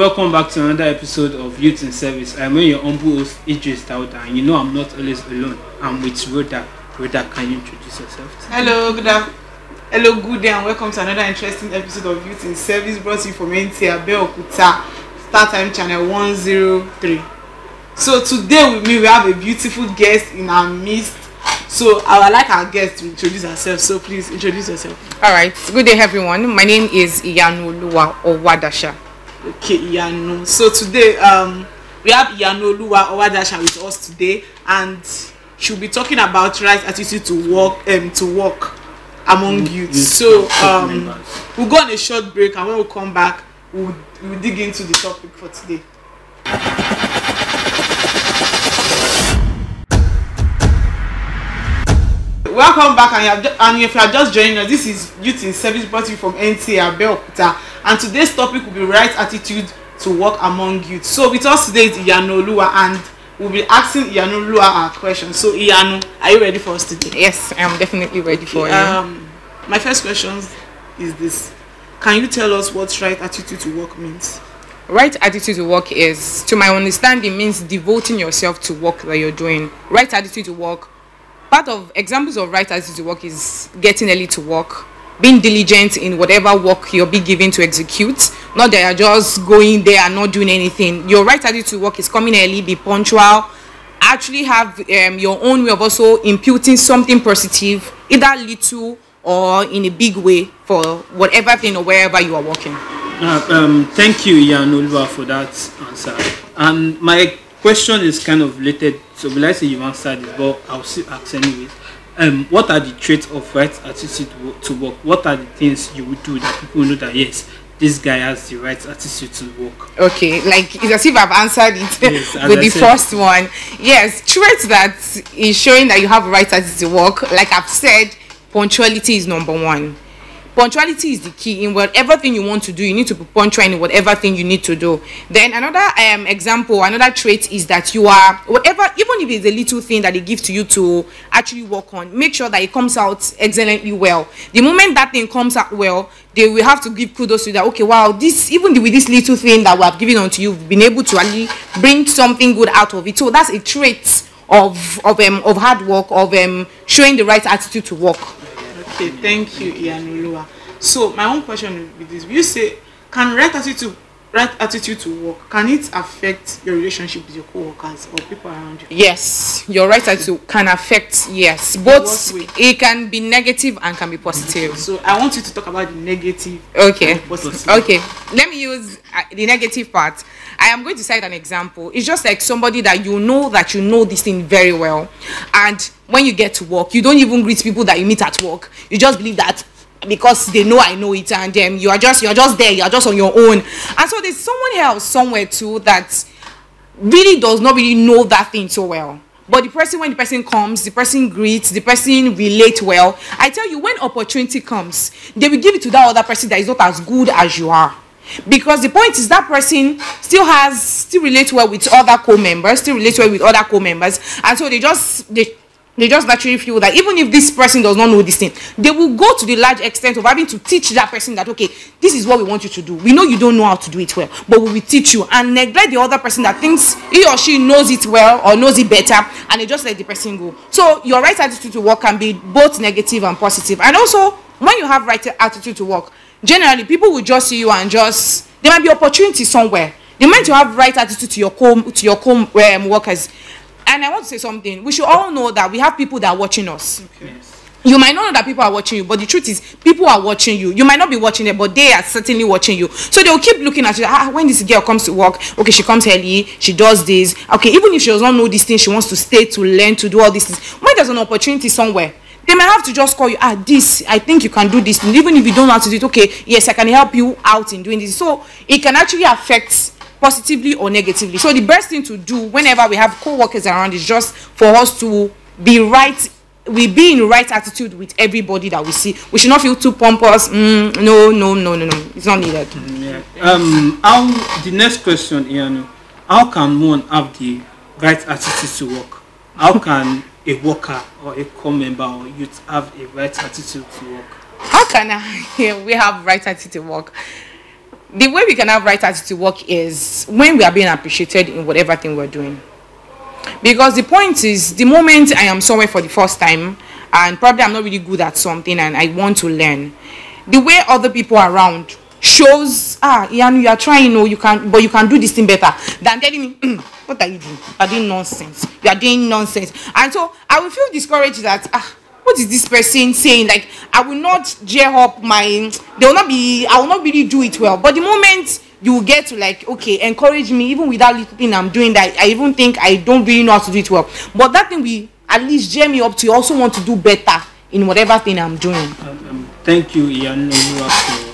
welcome back to another episode of Youth in Service. I'm your humble host, Idris Dauda, and you know I'm not always alone. I'm with Rhoda. Rhoda, can you introduce yourself? Hello, good afternoon. Hello, good day, and welcome to another interesting episode of Youth in Service brought to you from NTA Beokuta, Star Time Channel 103. So, today with me, we have a beautiful guest in our midst. So, I would like our guest to introduce herself. So, please introduce yourself. All right, good day, everyone. My name is Iyanoluwa Owadasha. Okay, Iyanu. So today, um, we have Iyanu Oluwa Owadasha with us today, and she'll be talking about right attitude to work, um, to work among mm, youth. So um, we'll go on a short break, and when we come back, we'll, we'll dig into the topic for today. Welcome back, and, you have, and if you are just joining us, this is Youth in Service brought to you from NTA Abeokuta. and today's topic will be right attitude to work among youth so with us today is iyanu oluwa and we'll be asking iyanu oluwa our question so iyanu are you ready for us today. yes i am definitely ready for you. Um, my first question is this can you tell us what right attitude to work means. right attitude to work is to my understanding means devoting yourself to work that you're doing right attitude to work part of examples of right attitude to work is getting early to work being diligent in whatever work you're be given to execute not that you're just going there and not doing anything your right attitude to work is coming early be punctual actually have um, your own way of also imputing something positive either little or in a big way for whatever thing or wherever you are working uh, um, thank you Ian Ulva for that answer and my question is kind of related so will I say you answered it but I'll still ask anyways um, what are the traits of right attitude to work? What are the things you would do that people know that yes, this guy has the right attitude to work? Okay, like it's as if I've answered it yes, with the said, first one. Yes, traits that is showing that you have the right attitude to work. Like I've said, punctuality is number one. punctuality is the key in whatever thing you want to do you need to be punctual in whatever thing you need to do then another um, example another trait is that you are whatever even if it's a little thing that they give to you to actually work on make sure that it comes out excellently well the moment that thing comes out well they will have to give kudos to that okay wow this even with this little thing that we have given onto you you've been able to actually bring something good out of it so that's a trait of of um of hard work of um showing the right attitude to work okay thank you iyanoluwa so my own question will be this will you say can rent right attitude to work can it affect your relationship with your co-workers or people around you yes your right attitude can affect yes both it can be negative and can be positive so i want you to talk about the negative okay the positive. okay let me use uh, the negative part i am going to cite an example it's just like somebody that you know that you know this thing very well and when you get to work you don't even greet people that you meet at work you just believe that because they know I know it, and um, you are just you're just there, you're just on your own. And so there's someone else somewhere too that really does not really know that thing so well. But the person, when the person comes, the person greets, the person relate well. I tell you, when opportunity comes, they will give it to that other person that is not as good as you are. Because the point is that person still has still relate well with other co-members, still relate well with other co-members, and so they just they they just naturally feel that even if this person does not know this thing they will go to the large extent of having to teach that person that okay this is what we want you to do we know you don't know how to do it well but we will teach you and neglect the other person that thinks he or she knows it well or knows it better and they just let the person go so your right attitude to work can be both negative and positive and also when you have right attitude to work generally people will just see you and just there might be opportunity somewhere the moment you have right attitude to your co to your co um, workers and I want to say something. We should all know that we have people that are watching us. Okay. You might not know that people are watching you, but the truth is, people are watching you. You might not be watching them, but they are certainly watching you. So they'll keep looking at you. Ah, when this girl comes to work, okay, she comes early, she does this. Okay, even if she does not know these things, she wants to stay to learn to do all these things. When there's an opportunity somewhere, they might have to just call you ah this i think you can do this even if you don't know how to do it okay yes i can help you out in doing this so it can actually affect positively or negatively so the best thing to do whenever we have co-workers around is just for us to be right we be in right attitude with everybody that we see we should not feel too pompous mm, no no no no no it's not needed yeah. um how the next question Ianu, how can one have the right attitude to work how can a worker or a core member or youth have a right attitude to work how can i yeah, we have right attitude to work the way we can have right attitude work is when we are being appreciated in whatever thing we're doing. Because the point is, the moment I am somewhere for the first time, and probably I'm not really good at something and I want to learn, the way other people around shows, ah, Ian, you are trying, no, oh, you can, but you can do this thing better than telling me, hmm, what are you doing? You are doing nonsense. You are doing nonsense. And so I will feel discouraged that, ah, what is this person saying like i will not gear up my they will not be i will not really do it well but the moment you get to like okay encourage me even without little thing i'm doing that i even think i don't really know how to do it well but that thing we at least gear me up to also want to do better in whatever thing i'm doing um, um, thank you ian for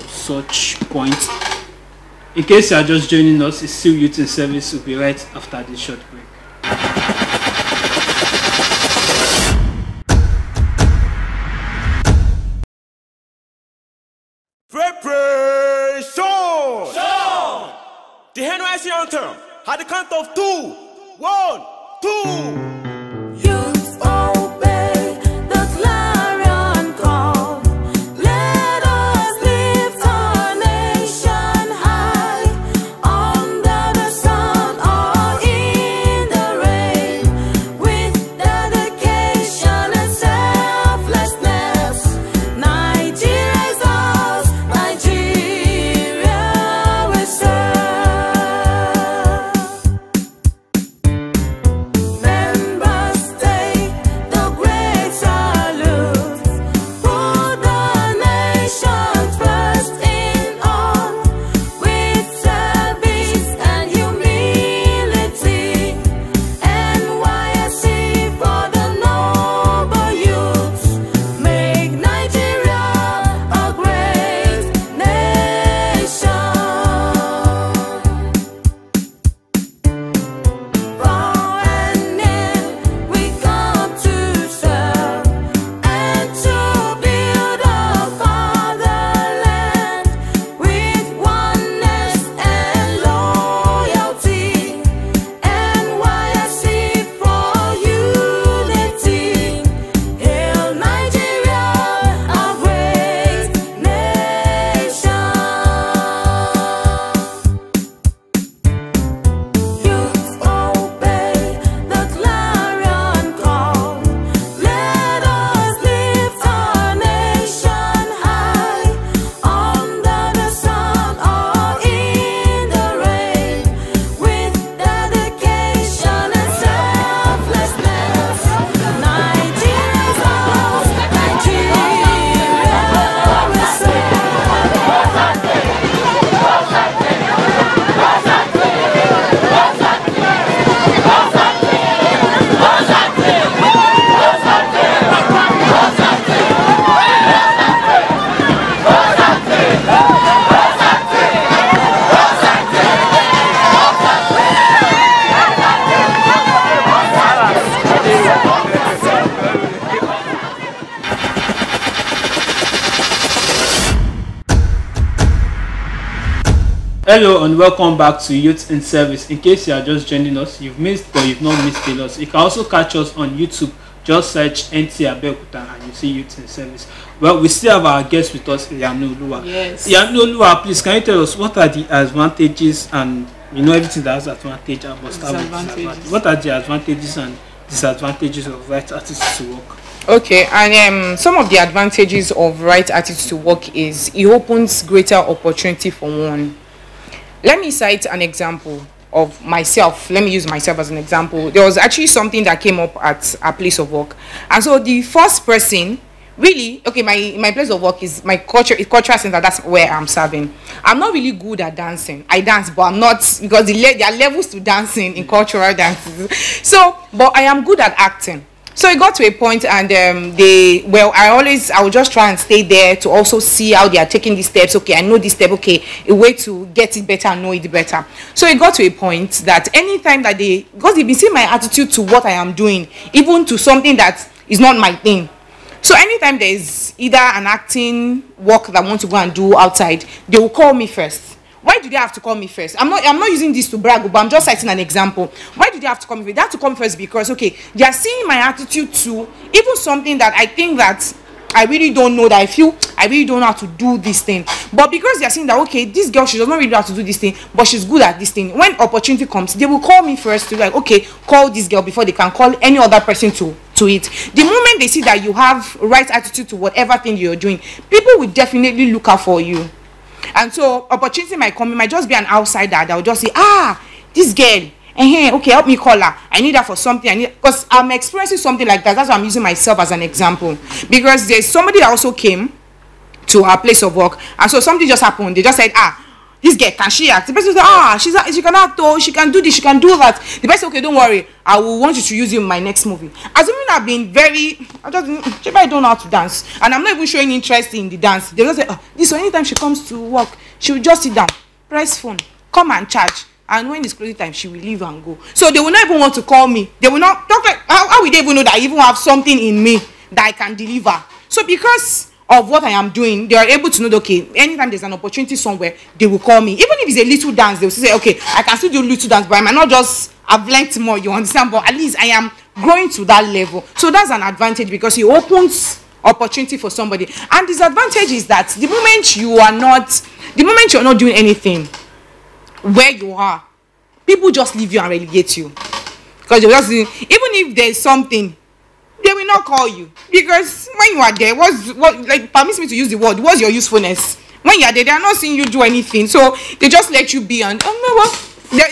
such point in case you are just joining us it's still youth in service will be right after this short break Nation Anthem. At the count of two, one, two. Hello and welcome back to Youth in Service. In case you are just joining us, you've missed but you've not missed a lot. You can also catch us on YouTube. Just search NT Abeokuta and you see Youth in Service. Well, we still have our guest with us, Iyanu Lua. Yes. Iyanu Lua, please can you tell us what are the advantages and you know everything that has advantage and must have disadvantages. What are the advantages and disadvantages of right attitude to work? Okay, and um, some of the advantages of right attitude to work is it opens greater opportunity for one. Let me cite an example of myself. Let me use myself as an example. There was actually something that came up at a place of work. And so the first person really okay my my place of work is my culture is cultural center that's where i'm serving i'm not really good at dancing i dance but i'm not because the le there are levels to dancing in cultural dances so but i am good at acting so it got to a point, and um, they well, I always I would just try and stay there to also see how they are taking these steps. Okay, I know this step. Okay, a way to get it better, know it better. So it got to a point that anytime that they because they've been seeing my attitude to what I am doing, even to something that is not my thing. So anytime there is either an acting work that I want to go and do outside, they will call me first. Why do they have to call me first? I'm not I'm not using this to brag, but I'm just citing an example. Why do they have to call me first? They have to come first because okay, they are seeing my attitude too, even something that I think that I really don't know that I feel I really don't know how to do this thing. But because they are seeing that okay, this girl she does not really know how to do this thing, but she's good at this thing. When opportunity comes, they will call me first to like okay, call this girl before they can call any other person to to it. The moment they see that you have right attitude to whatever thing you're doing, people will definitely look out for you. And so opportunity might come, it might just be an outsider that will just say, ah, this girl, eh, okay, help me call her. I need her for something. I need because I'm experiencing something like that. That's why I'm using myself as an example. Because there's somebody that also came to her place of work, and so something just happened. They just said, ah, this girl can she act the person say ah she's a, she can act oh she can do this she can do that the person okay don't worry i will want you to use you in my next movie As assuming i've been very i just she I don't know how to dance and i'm not even showing interest in the dance they just say oh this one anytime she comes to work she will just sit down press phone come and charge and when it's closing time she will leave and go so they will not even want to call me they will not talk like how, how will they even know that i even have something in me that i can deliver so because of what I am doing, they are able to know, okay, anytime there's an opportunity somewhere, they will call me. Even if it's a little dance, they will say, okay, I can still do little dance, but I might not just, I've learned more, you understand? But at least I am growing to that level. So that's an advantage because it opens opportunity for somebody. And disadvantage is that the moment you are not, the moment you're not doing anything, where you are, people just leave you and relegate you. Because you're just, even if there's something, they will not call you because when you are there what's what like permit me to use the word what's your usefulness when you are there they are not seeing you do anything so they just let you be and oh no well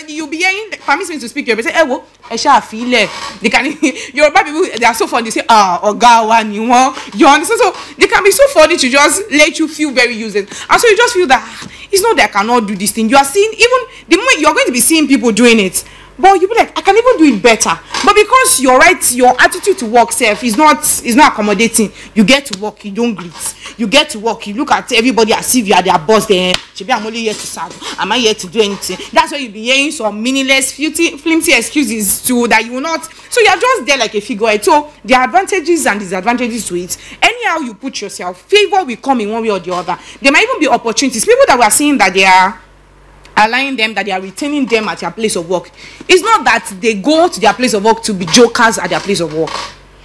you be hearing Permit me to speak your say ẹ eh, wo ẹ ṣáà fi ilẹ̀ they can Yoruba people they are so funny they say ah ọ̀gá wa ni wọ́n you understand so they can be so funny to just let you feel very useless and so you just feel that ah, it's not that I cannot do this thing you are seeing even the moment you are going to be seeing people doing it but you be like i can even do it better but because your right your attitude to work self is not is not accommodating you get to work you don't greet you get to work you look at everybody as if you are their boss then. shebi i'm only here to serve am i here to do anything that's why you be hearing some meaningless filthy flimsy excuses to that you not so you are just there like a figurehead so there are advantages and disadvantages to it anyhow you put yourself favour will come in one way or the other there might even be opportunities people that we are seeing that they are allowing them that they are retaining them at their place of work it's not that they go to their place of work to be jokers at their place of work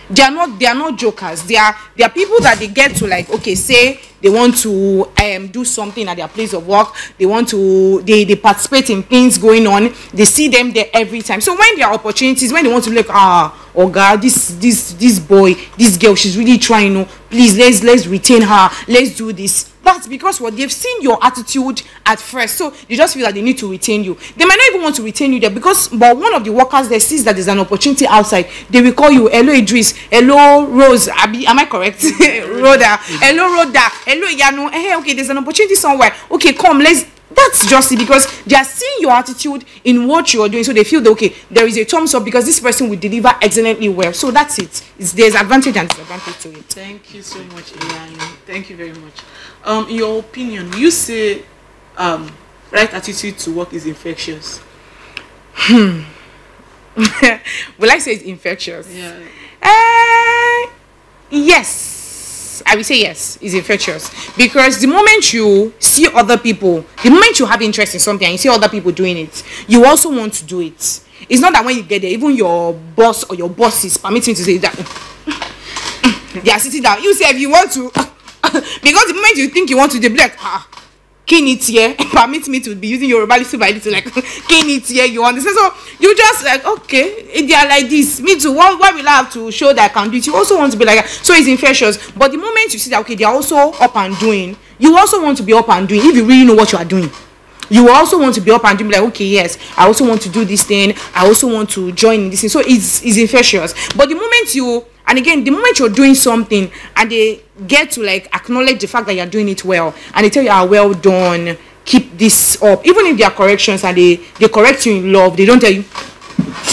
they are not they are not jokers they are they are people that they get to like okay say they want to um do something at their place of work they want to they they participate in things going on they see them there every time so when there are opportunities when they want to like ah oh god this this this boy this girl she's really trying oh please let's let's retain her let's do this That's because what they've seen your attitude at first. So they just feel that they need to retain you. They might not even want to retain you there because but one of the workers there sees that there's an opportunity outside. They will call you hello Idris, hello Rose. Abi, am I correct? Rhoda. Hello Rhoda. Hello Yano. Hey, eh, eh, okay, there's an opportunity somewhere. Okay, come, let's that's just it because they are seeing your attitude in what you are doing so they feel that okay there is a thumbs up because this person will deliver excellently well so that's it it's, there's advantage and disadvantage to it thank you so much Ian. thank you very much um, in your opinion you say um, right attitude to work is infectious hmm will i say it's infectious yeah uh, yes i will say yes it's infectious because the moment you see other people the moment you have interest in something and you see other people doing it you also want to do it it's not that when you get there even your boss or your boss is permitting to say that they are sitting down you say if you want to because the moment you think you want to dey be like ah kí ni tiẹ̀ permit me to be using Yoruba little by little like kí ni tiẹ̀ you understand so you just like okay eh, they are like this me too why why will I have to show that I can do it you also want to be like that so it's infectious but the moment you see that okay they are also up and doing you also want to be up and doing if you really know what you are doing you also want to be up and doing like okay yes I also want to do this thing I also want to join in this thing so it's it's infectious but the moment you and again the moment you're doing something and they get to like acknowledge the fact that you're doing it well and they tell you ah well done keep this up even if there are corrections and they they correct you in love they don't tell you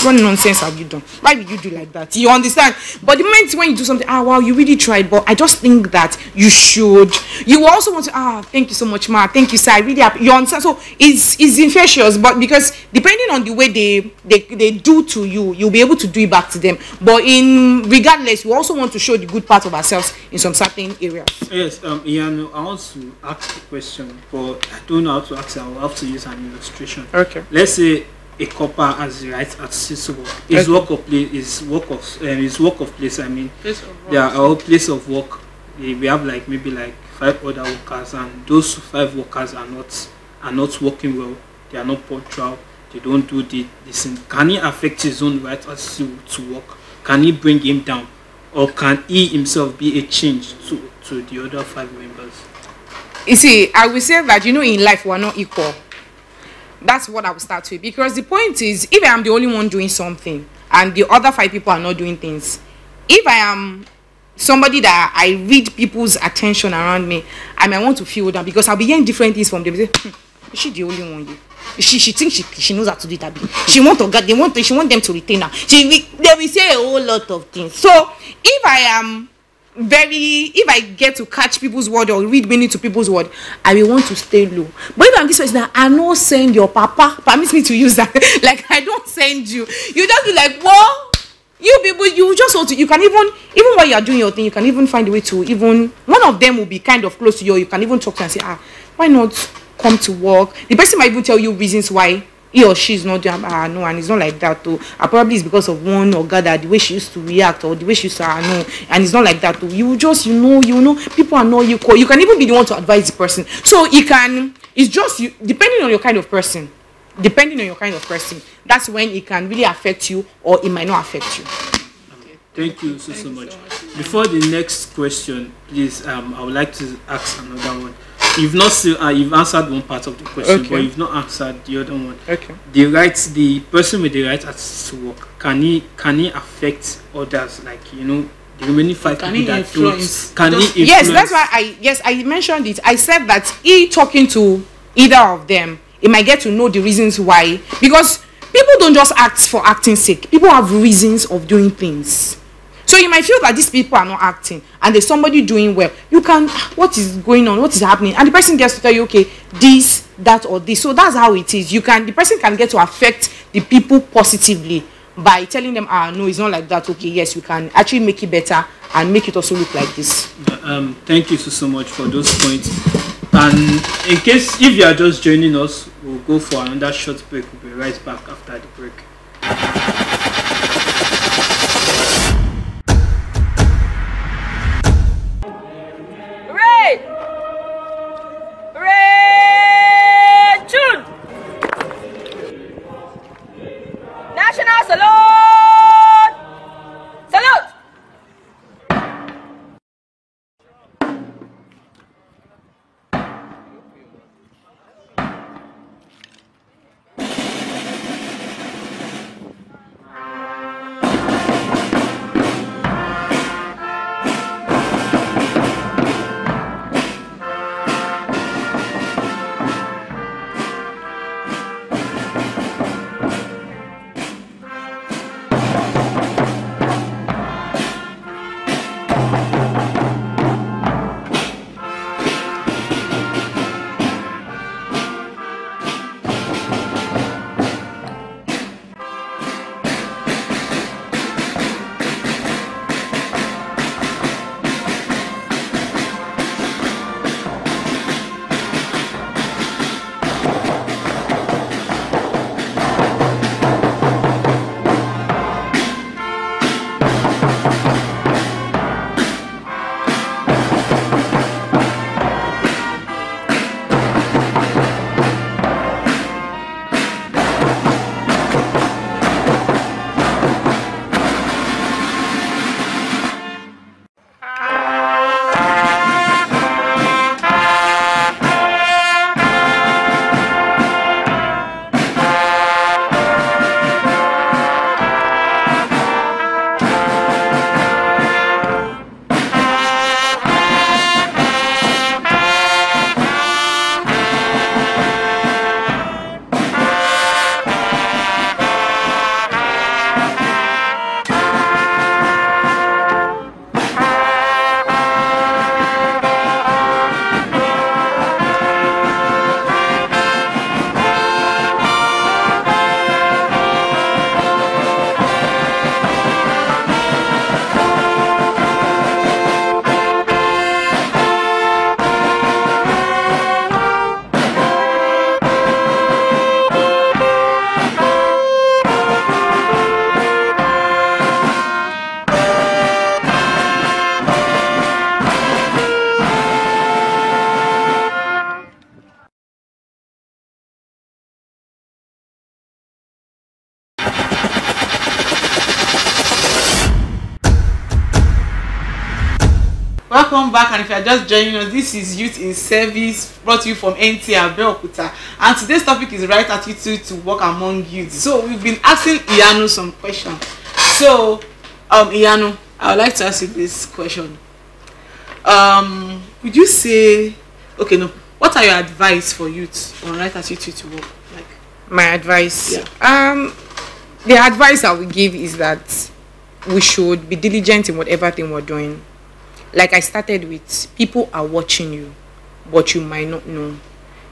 what nonsense have you done? Why would you do like that? You understand? But the moment when you do something, ah, wow, you really tried, but I just think that you should. You also want to, ah, thank you so much, ma. Thank you, sir. I really You understand? So it's it's infectious, but because depending on the way they they they do to you, you'll be able to do it back to them. But in regardless, we also want to show the good part of ourselves in some certain areas. Yes, um, Ian, I want to ask a question, but I don't know how to ask. I'll have to use an illustration. Okay. Let's say a copper as right accessible. Sisubo. His work of place, his work of, um, his work of place. I mean, place of they are our place of work. We have like maybe like five other workers, and those five workers are not are not working well. They are not punctual. They don't do the this thing. Can he affect his own right as to work? Can he bring him down, or can he himself be a change to to the other five members? You see, I will say that you know in life we are not equal. that's what I will start with. Because the point is, if I'm the only one doing something and the other five people are not doing things, if I am somebody that I read people's attention around me, I might want to feel that because I'll be hearing different things from them. Say, hmm, is she the only one here? She she thinks she she knows how to do that. She want to get they want to, she want them to retain her. She they will say a whole lot of things. So if I am very if i get to catch people's word or read meaning to people's word i will want to stay low but if i'm this person that i no send your papa permit me to use that like i don't send you you just be like whoa you people you just want to you can even even while you are doing your thing you can even find a way to even one of them will be kind of close to you you can even talk to and say ah why not come to work the person might even tell you reasons why he or she is not doing ah no and it's not like that too. Oh. and probably it's because of one or gather the way she used to react or the way she used to ah no and it's not like that too. Oh. you just you know you know people are not you you can even be the one to advise the person so you can it's just you depending on your kind of person depending on your kind of person that's when it can really affect you or it might not affect you thank you so, so, much. so much before the next question please um, i would like to ask another one you've not still uh, you've answered one part of the question, okay. but you've not answered the other one. Okay. The right, the person with the right to work can he can he affect others like you know the remaining five can people that influence, don't can he influence? yes that's why I yes I mentioned it I said that he talking to either of them he might get to know the reasons why because people don't just act for acting sake people have reasons of doing things So you might feel that these people are not acting and there's somebody doing well. You can, what is going on? What is happening? And the person gets to tell you, okay, this, that, or this. So that's how it is. You can, the person can get to affect the people positively by telling them, ah, no, it's not like that. Okay, yes, we can actually make it better and make it also look like this. Uh, um, thank you so, so much for those points. And in case if you are just joining us, we'll go for another short break. We'll be right back after the break. back and if you are just joining us this is youth in service brought to you from NTA Abeokuta and today's topic is right attitude to work among youth so we've been asking Iyanu some questions so um Iyanu I would like to ask you this question um would you say okay no what are your advice for youth on right attitude to work like my advice yeah. um the advice I would give is that we should be diligent in whatever thing we're doing like I started with, people are watching you, but you might not know.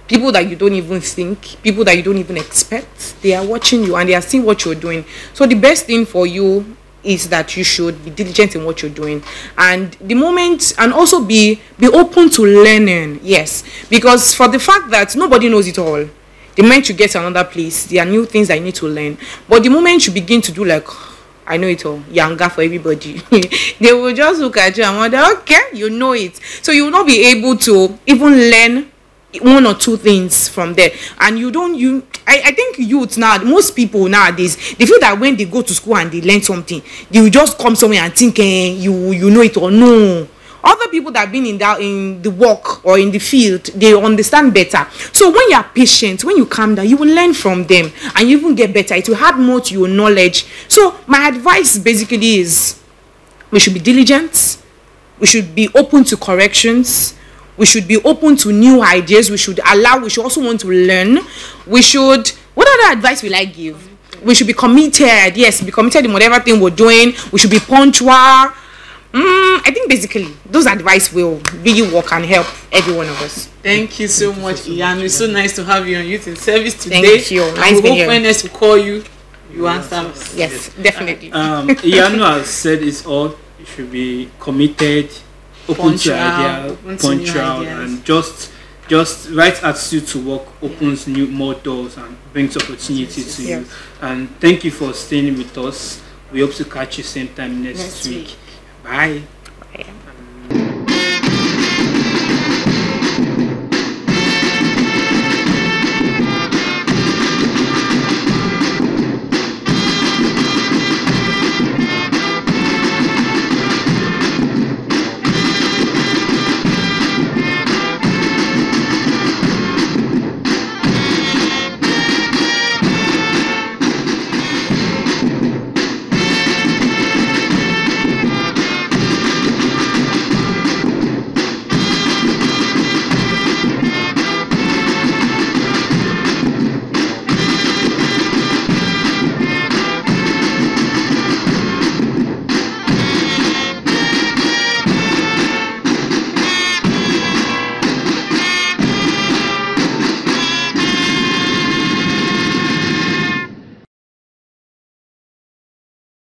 People that you don't even think, people that you don't even expect, they are watching you and they are seeing what you're doing. So the best thing for you is that you should be diligent in what you're doing and the moment and also be be open to learning yes because for the fact that nobody knows it all the moment you get to another place there are new things that you need to learn but the moment you begin to do like I know it all. Oh, younger for everybody. they will just look at you and wonder, okay, you know it. So you will not be able to even learn one or two things from there and you don't you I, I think youth now most people nowadays they feel that when they go to school and they learn something they will just come somewhere and think eh, you you know it or no other people that have been in that in the work or in the field, they understand better. So when you are patient, when you calm down, you will learn from them and you even get better. It will add more to your knowledge. So my advice basically is we should be diligent, we should be open to corrections, we should be open to new ideas, we should allow, we should also want to learn. We should what other advice will I give? we should be committed yes be committed in whatever thing we're doing we should be punctual Mm, I think basically those advice will really work and help every one of us. Thank you so much, Ian. It's so nice to have you on Youth in Service today. Thank you. Nice and we hope when call you, you answer us. Yes, definitely. Um, Ian has said it's all you should be committed, open punch to out, idea, open punch to out, ideas. and just just right attitude to work opens new more doors and brings opportunity to you. And thank you for staying with us. We hope to catch you same time next, next week. week. 拜。